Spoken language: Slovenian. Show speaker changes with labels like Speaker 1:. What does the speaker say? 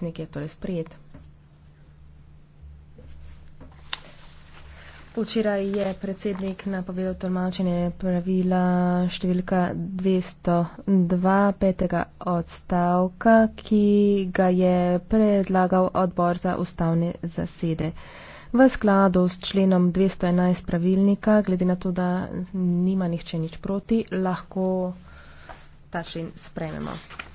Speaker 1: predsednik je torej sprejet.
Speaker 2: Včeraj je predsednik napovedal tolmačenje pravila številka 202 petega odstavka, ki ga je predlagal odbor za ustavne zasede. V skladu s členom 211 pravilnika, glede na to, da nima nihče nič proti, lahko ta člen sprememo.